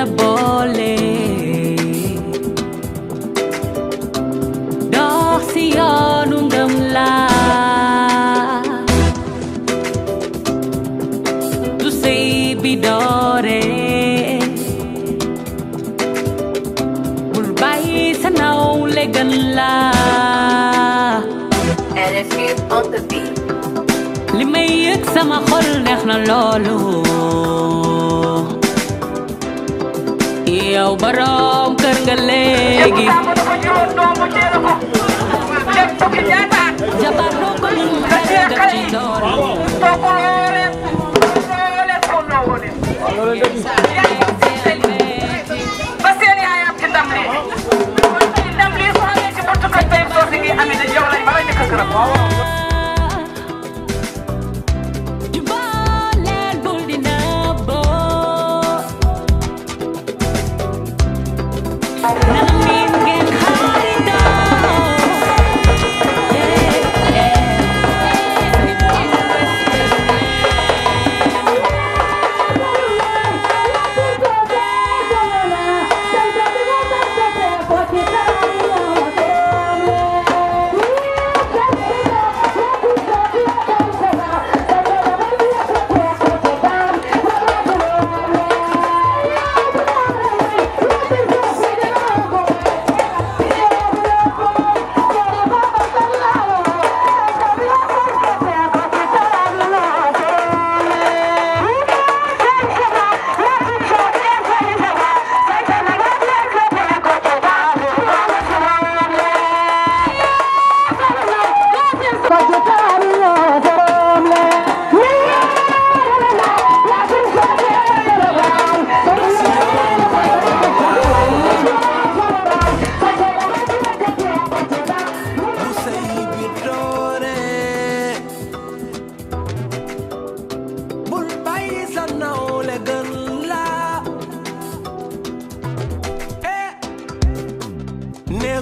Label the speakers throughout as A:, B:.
A: tidak boleh Doch siya nung gamla Tu sei bidore Mulbay sa naulegan la LFU on the beat اللي ميك سما خل نحنا لولو yow borom kër nga léegi. jabar doo ko mun mbéy def ci doole.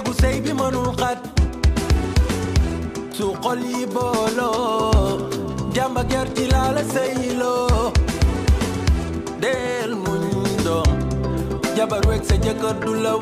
A: ku saybi manuqad suqalyi boolo jamba gerti laala saylo deel muñ dom jabarweg sa jëkër du la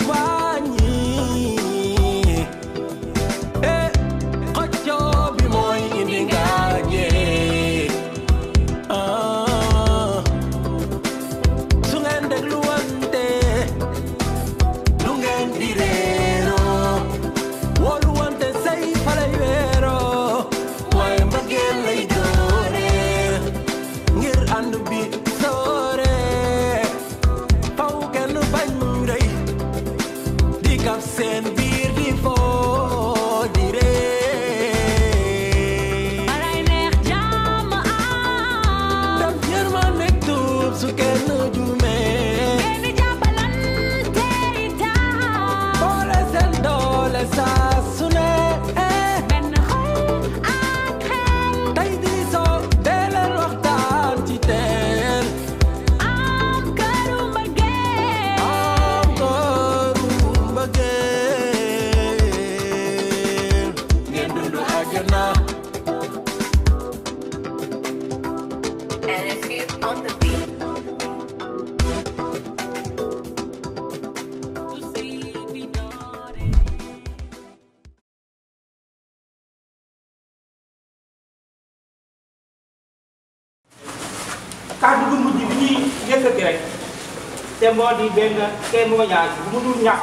B: te moo di benn témoignage bu mu dul ñàkk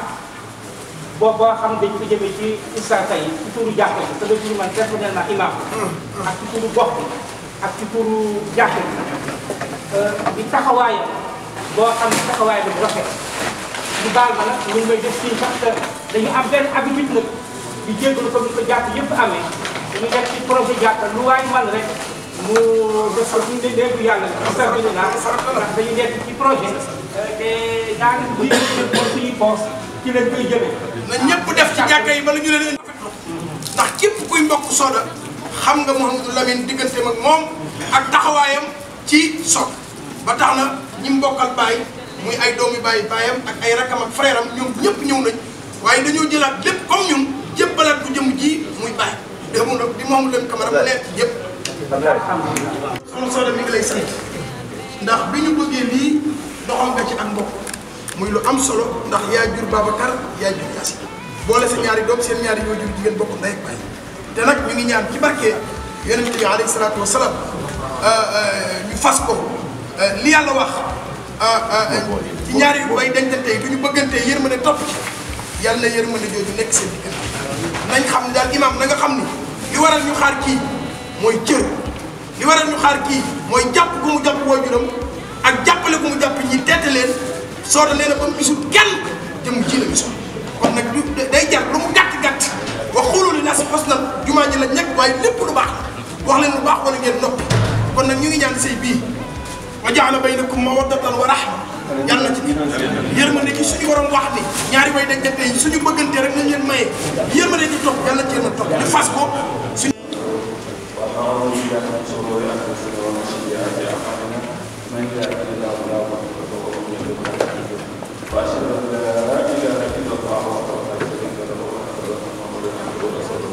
B: boo boo xam dañ ko jëmee ci istanka yi ci turu jàkk ji sama turu man personnellement imam mm, mm. ak ci turu gox bi ak ci turu jàkk bi euh, di taxawaayam boo xam ne taxawaay bi rafet ñu baal ma nag ñu ngi dañu am benn habitude nag di jéggalu comme ni ko jàkk yëpp amee dañu def ci projet jàkk lu waay man rek mu def ko ñu leen bu yàlla intervenir la ndax dañu nekk ci projet te daanaka bu ñu jël suñu poos ci lañ koy jëmee. na ñëpp def ci jàkka yi bala ñu leen ndax képp kuy mbokk soda xam nga Mouhamadou Lamine diggante ak moom ak taxawaayam ci sot ba tax di Mouhamadou Lamine Camara mu soxna Soda mi ngi lay sant ndax bi ñu bëggee lii doxal nga ci ak mbokk muy lu am solo ndax yaa jur Babacar yaa jur Yacine boole sa ñaari doom seen ñaari ñoo jur jigéen bokk ndey ak baay te nag ñu ngi ñaan ci barke yonent bi alayhi salaatu wa euh, euh, fas ko euh, li yàlla wax ci ñaari yu bay yi du ñu bëggante yërmande topp ci yàlla na yërmande jooju nekk seen diggante nañ xam daal imaam na nga xam ni li waral ñu xaar kii mooy cër li waral ñu xaar kii mooy jàpp gu mu jàpp waajuram ak jàppale ku mu jàpp ñi tette leen soota leen a ba mu gisul kenn te mu ji la gisul kon nag day jar lu mu gàtt gàtt wax xulóoli na waaye lépp lu baax wax leen lu baax wala ngeen noppi kon nag ñu ngi ñaan sëy bii wa jaala baynakum mawaddatan wa rahma yàlla ci biir yërmande ci suñu waroon wax ni ñaari way dañ jante yi suñu bëggante rek nañ leen maye yërmande ci topp yàlla ci yërmande topp ñu fas ko أعوذ بالله من شرور أنفسنا ومن سيئات أعمالنا من يهده الله فلا مضل له ومن يضلل فلا وأشهد أن لا إله إلا الله وحده لا شريك له وأشهد أن محمدا عبده ورسوله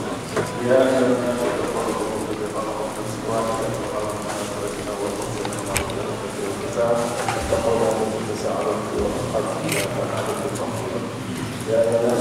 B: يا أيها الناس اتقوا ربكم الذي خلقكم من نفس واحدة وخلق منها زوجها وبث منهما رجالا كثيرا ونساء يا أيها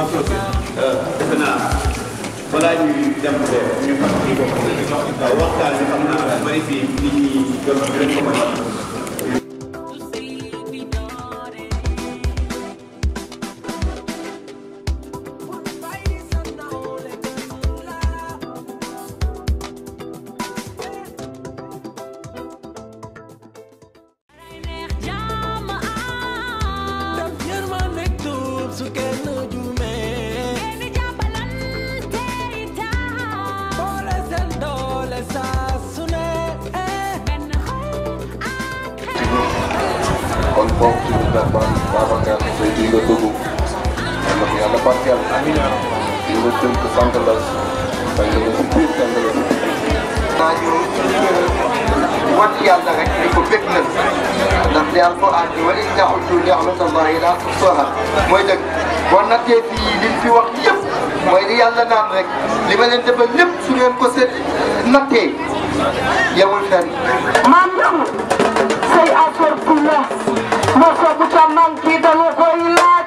B: premièrement chose euh, defe naa balaa ñuy dem ñu fàttali ko waxtaan bi xam naa bari fii nit ñi doon gën a
A: bokk ci ñun daal ba Babacar tey jii nga dugg yal na ko yàlla barkeel di nga
B: tënk sant la bañ la nga si biir sant la. naa ñu wat yàlla rek di ko fekk nag ndax di alquran bi wa in ta'uddu ni'matallahi la tuhsuha mooy dëgg boo nattee fii liñ fi wax yëpp mooy di yàlla naan rek li ma leen defal lépp su ngeen ko seet nattee yemul fenn. maanaam say affaire bu Nossa, puta
A: manquita, louco e lá